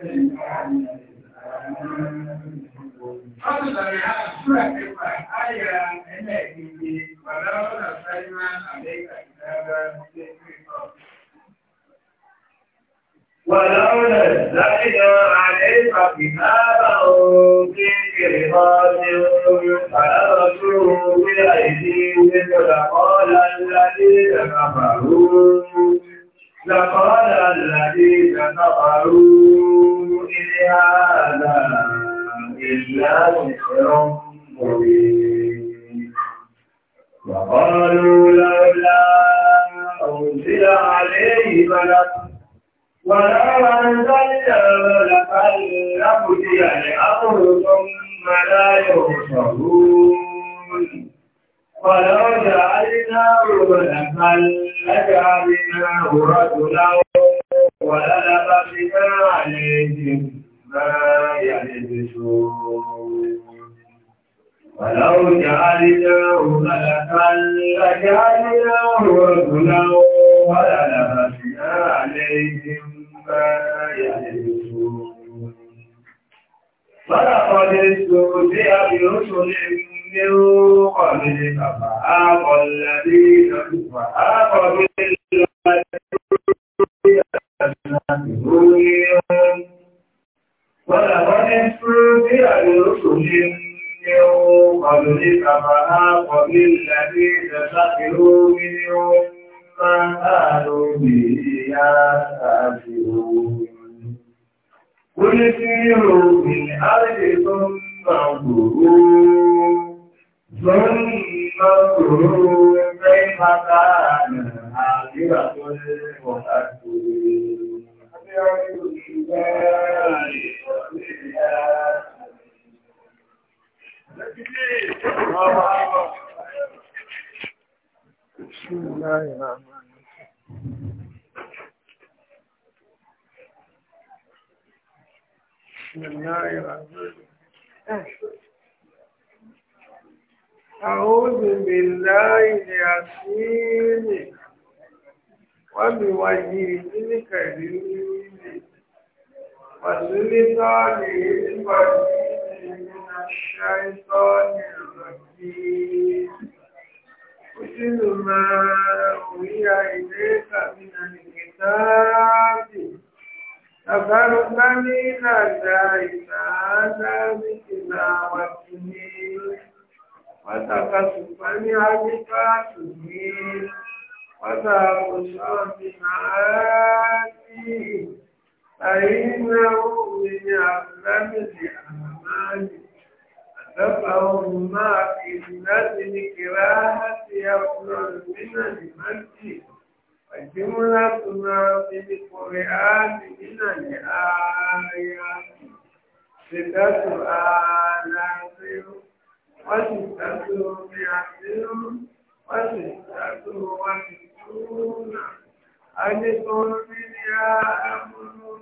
Amém. خذلان مبين وقالوا لولا أنزل عليه ملك ولا أنزلنا ملكا لقضي الأمر ثم لا يرشدون ولو جعلناه ملكا لجعلناه رجلا وللبسنا عليهم ما يلبسون ولو جعلناه ملكا لجعلناه رجلا وللبسنا عليهم ما يلبسون ولقد استهزئ برسل من قبلك فآقى الذين فآقى رسل من قبلك فحاق بالذين سخروا منهم ما كانوا به يستهزئون قل سيروا في الأرض ثم انظروا ثم انظروا كيف كان عاقبة المكذبين بسم الله الرحمن الرحيم بسم الله الرحمن الرحيم أعوذ بالله العظيم وبوجهه الكريم وسلطانه المجيد الشيطان الرجيم كل ما أوحي إليك من الكتاب أفرق من ذلك هذا بتلاوته وتقصفا عبقاته وتقصا بمعاته فإنه من أعلم الأعمال فهم ما في نزل كراهة يخرج من المسجد وجملة ما في القرآن من الآيات ستة آلاف وستة مئة وستة وستون ألف منها أمر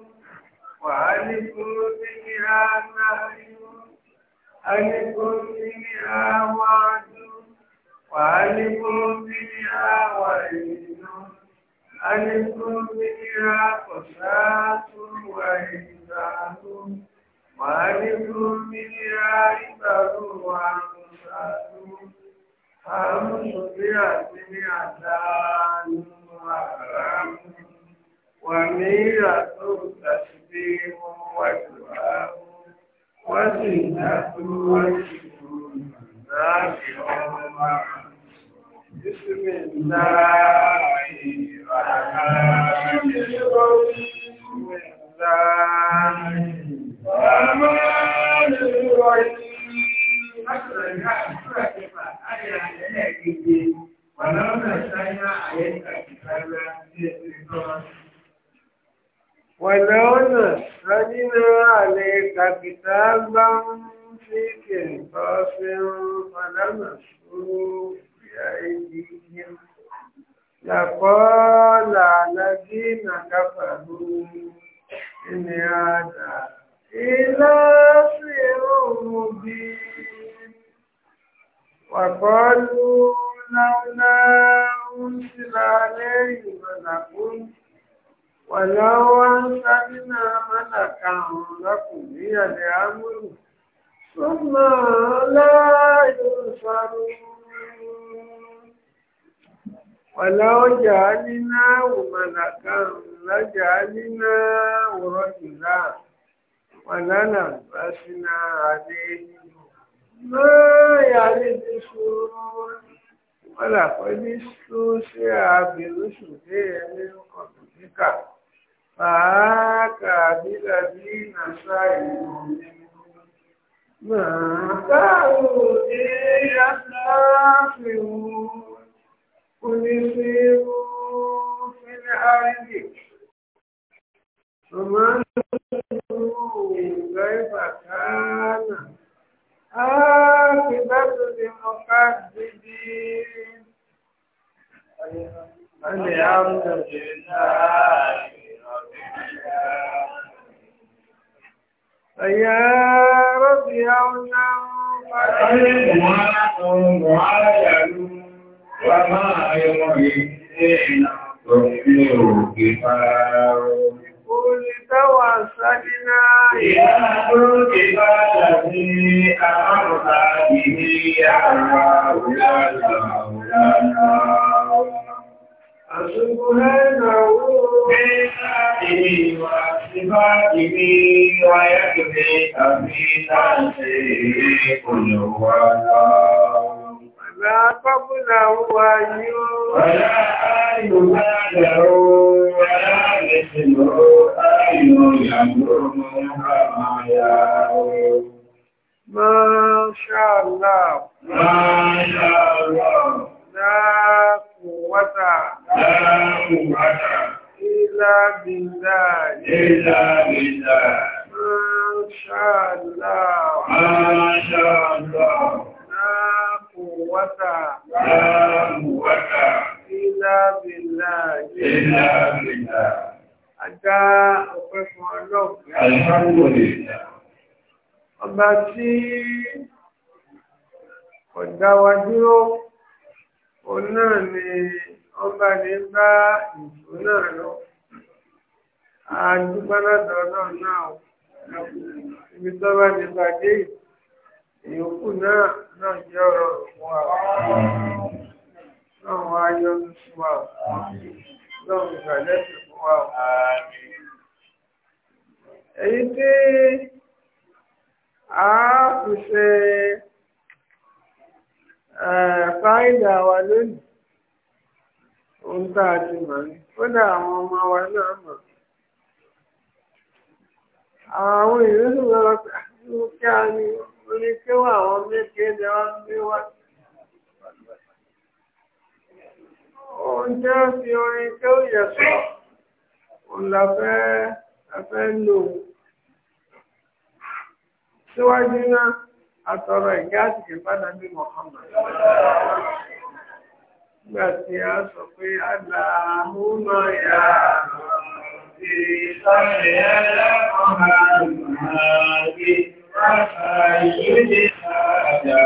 وألف منها نهي ألكل وعد وألكم فيها وعيد ألكم فيها قصاص وإنسان وألكم فيها عبر وأنصار خمس مئة مئتان وحرام ومئة تسبيح ودعاء وزنة وجه بسم الله لمسوا بأيديهم لقال الذين كفروا إن هذا إلا سر مبين وقالوا لولا أنزل عليه ملك ولو أنزلنا ملكا لقضي الأمر ثم لا ينصرون ولو جعلناه ملكا لجعلناه رجلا ولنبسنا عليه ما يلبسون ولقد استوسع برسله من قبلك فهاك بالذين سعدوا من ما كانوا يستغفرون قل سيروا في الأرض فمن كيف كان عاقبة المكذبين الحمد لله رب العالمين فيا ربي أولا فإنهم وعلم وما يمكن تؤمنوا كفار قل توسلنا إلى ملك الذي أمر به يا الله لا فسبحانه بعباده وصفاته ويكفي في نفسه كل هو الله فلا قبله أي ولا أي بعده ولا مثله أي يمر كما يرى ما شاء الله ما شاء الله لا قوة láàrùn àdá. Ilá bìlá. Ilá bìlá. Máṣàlá. Máṣàlá. Láàkùwátà. Láàkùwátà. Ilá bìlá. Ilá bìlá. Ajá ọ̀pẹ́ fún ọlọ́pẹ́. Alhamdulillah. Ọba tí ọ̀dá wa dúró, òun náà ni ọba ní bá ìṣó náà lọ àdúgbọ́nàdọ̀ náà náà ibi tó bá ní bàjẹ́ ìyókù náà náà jẹ́ ọ̀rọ̀ fún wa náà wọ́n á yọ sí wa náà ìgbàlẹ́ sí fún wa. èyí tí a fi ṣe fáìlì àwa lónìí ohun tá a ti mọ̀ ní kódà àwọn ọmọ wa náà mọ̀ àwọn ìrísí lọ́rọ̀ pẹ̀lú kí a ní orí kí wọ́n àwọn méjèèjì wá ń gbé wá. ohun tí ó fi orin tí ó yẹ sọ òun la fẹ́ la fẹ́ lò síwájú náà àtọ̀rọ̀ ìgbà àti ìpadà bí Muhammad nígbà tí a sọ pé àlàmúnà ìyá ìsàlẹ̀ ẹlẹ́kọ̀ọ́ àgbàgbé ráfà ìlúdé àjà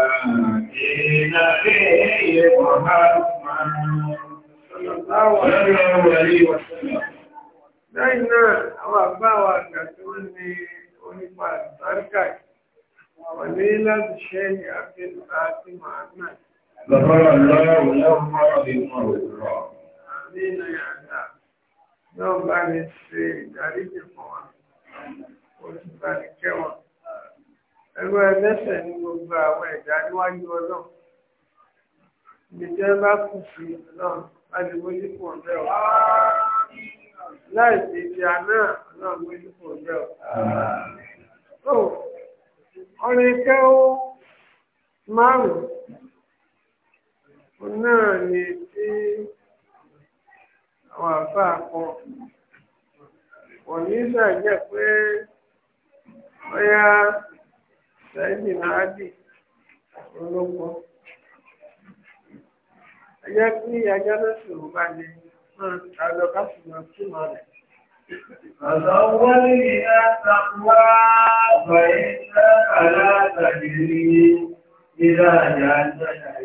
ìlàgbé ìyẹ̀kọ̀ Lẹ́yìn náà, àwọn àgbà àwọn àgbà tí wọ́n ní onípa àtàríkà, wọ́n ní láti ṣe ní àti màá náà. غفر الله لهما بما وقرا nínú yàtà yóò bá ní ṣe ìdáríjì fún wa ó ti bá ní kẹwọn ẹrú ẹlẹ́ṣẹ̀ ní gbogbo àwọn ẹ̀dá níwájú Ọlọ́run ìgbẹjẹ bá kù sí Ọlọ́run adìmójú fún ọbẹ ọ láì sí ìjà náà Ọlọ́run mójú fún ọbẹ ọ. ọ̀rẹ́ kẹ́wọ́ márùn-ún. òun náà ni tí àwọn àfáà kọ òní ṣàjẹ́ pé bóyá na náà dì olóko ẹjẹ́ kí ajá ló ṣòro bá lè máa ká sì máa túmọ̀ rẹ̀. فزودني التقوى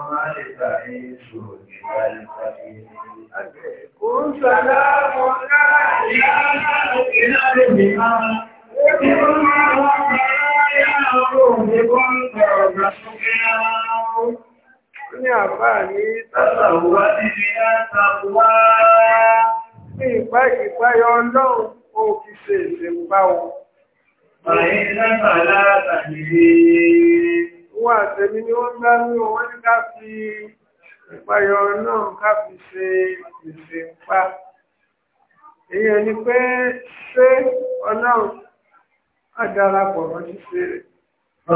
مالك عيسو قل سلام عليك إلى الإمام إنما وصايا روحكم ترجعون ní àbáàní tàbàwà àtàwà ní ìpá ìpáyọ ọlọ́run ó fi ṣe ìṣẹ̀mú báwọn. Màá ń lábàlá àtàlẹ́ òkú àtẹ̀mí ni wọ́n bá ní owó ní ká fi ìpayọ̀ náà ká fi ṣe ìṣe pa. èèyàn ni pé ṣé ọlọ́run á mọ́ ṣíṣe rẹ̀.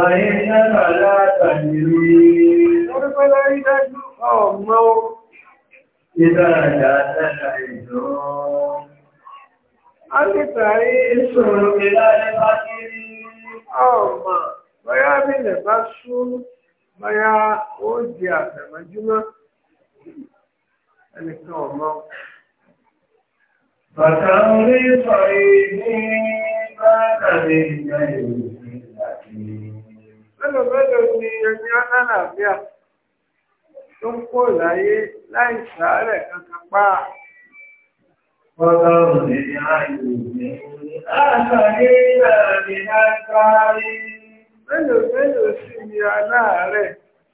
Ọ̀yẹ́ náà látàrí rí. Orí pé láyé dájú ọmọ o. Ìdáradà dára ìjọ. A ti tàrí ìṣòro ìlànà bá kiri ọmọ báyá bílẹ̀ bá sú báyá ó di àtẹ̀mọ́júmọ́ ẹnìkan ọ̀mọ́. bàtà orí sọ̀rí ní bátàlì ìyá ìlú ìlàjì. mélòó mélòó ni ẹni ọ̀nàlàbíà tó ń kó láyé láì sàárẹ̀ kankan pa á. Bọ́lá ni a yìí ní àṣà ní ìlànà ìdájọ́ mélòó mélòó sì ni aláàárẹ̀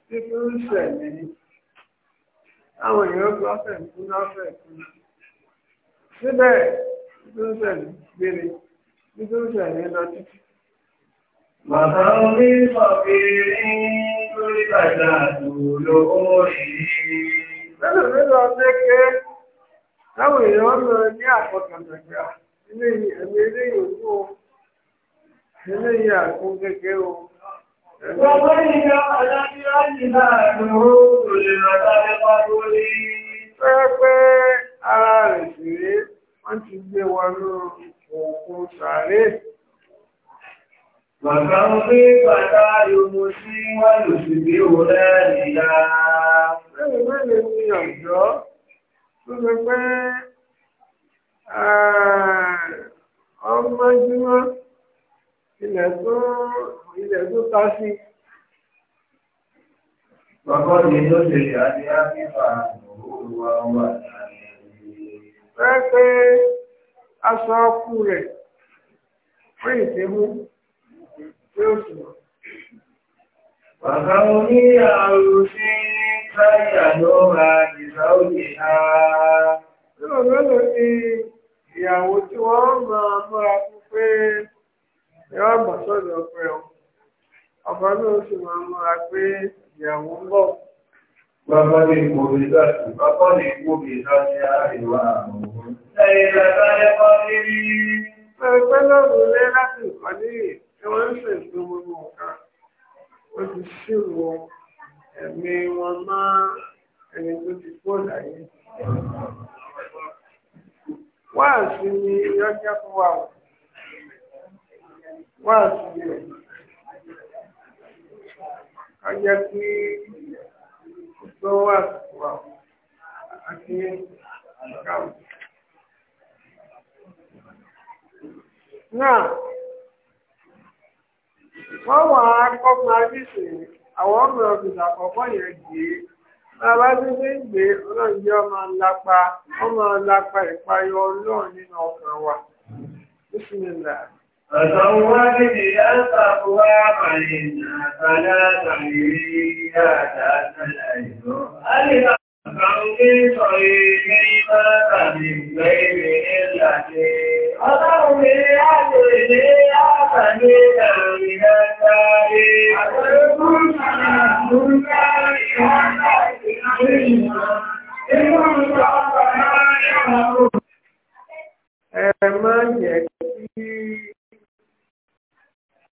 títí ń ṣẹ̀mí àwọn èèyàn gbọ́ fẹ̀mí lọ́fẹ̀ẹ́ fún un síbẹ̀ títí ń gbére lọ títí. lórí àdúró èèyàn lọ ní ilé ẹ̀mí Ilé ìyà kún kéèké o. wọ́n ti gbé wa lórí òkun sàárè. Bàbá ń gbé bàtà yomo sí wọ́n lò bí o lẹ́rìí Mẹ́rin mẹ́rin ni ọ̀dọ́, tó sọ pé ọmọ jímọ́ ilẹ̀ tó ilẹ̀ tó ta sí. Bàbá mi ló ṣe ìyáde Áfíríkà òwúrò wa wà láàrin ìlú. Fẹ́ pé aṣọ ọkù rẹ̀ fún ìtẹ́mú tí ó sì Bàbá mo ní àrùn sí Táyà ló máa dìbà òye ha. Nínú mélòó ni ìyàwó tí wọ́n máa múra fún yóò bọ̀ sọ́dọ̀ ọkọ ẹ̀ ọkọ náà sì máa múra pé ìyàwó ń bọ̀. bàbá mi kò rí láti bàbá mi kò rí láti àríwá àwọn. ẹ̀yìn bàbá ẹ kọ́ níbí. ẹgbẹ́ náà ló lé láti ìkọ́lé tí wọ́n ń ṣètò gbogbo nǹkan ó ti ṣírò ẹ̀mí wọn máa ẹni tó ti kó láyé. wáàsí ni yọjọ́ fún wa o. wáàsí rẹ̀ ká jẹ́ kí ó tó wáàsí wa àti àkáwù. Náà, wọ́n wà á kọ́kùn àdìsí àwọn ọmọ ọ̀gbìn àkọ́kọ́ yẹn dìé. Bàbá tí ní gbé ọlọ́run jẹ́ ọmọ lápá, ọmọ lápá ìpayọ ọlọ́run nínú ọkàn فزود بأسفها فإنها فلا تعيري ذات الأيام فمن طريق ما فمن بين التي أضعوا بأجله أفنيدا من الدار أتركم فنحن Ẹ máa jẹ́ kí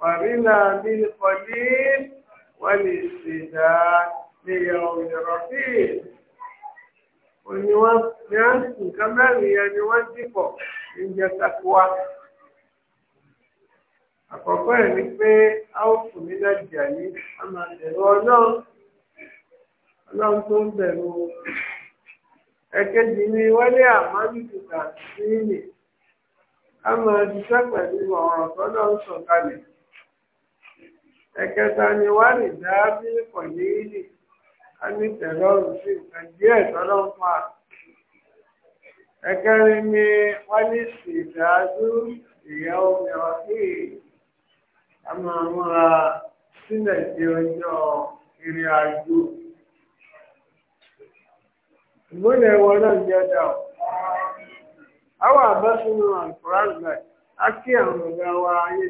ورنا بالقليل والاستداد ليوم رقيب òní wọn ní à ń sùn nǹkan mẹ́rin yẹn ni wọ́n dìpọ̀ oúnjẹ takuwa. àkọ́kọ́ ẹ̀ ni pé a ó fún mi náà jà ní a máa bẹ̀rù ọlọ́run ọlọ́run tó ń bẹ̀rù o. ẹ̀kejì ni wọlé àmọ́lùkù tàbí sílẹ̀ a máa ṣiṣẹ́ pẹ̀lú ọ̀rọ̀ tọ́lọ́run sọ̀kalẹ̀ ẹ̀kẹta ni wá lè dá bí pọ̀lì ìlì ká ní tẹ̀lọ́rù sí nǹkan díẹ̀ tọ́lọ́ ń fà. ẹ̀kẹrin ni wá lè sì dájú ìyá omi ọ̀hí a máa múra sílẹ̀ di ọjọ́ ìrìn àjò. ìmúlẹ̀ wọn náà jẹ́ dà àwọn àbá sínú àǹkúrá gbà yìí. Akí àwọn ọ̀gá wa ayé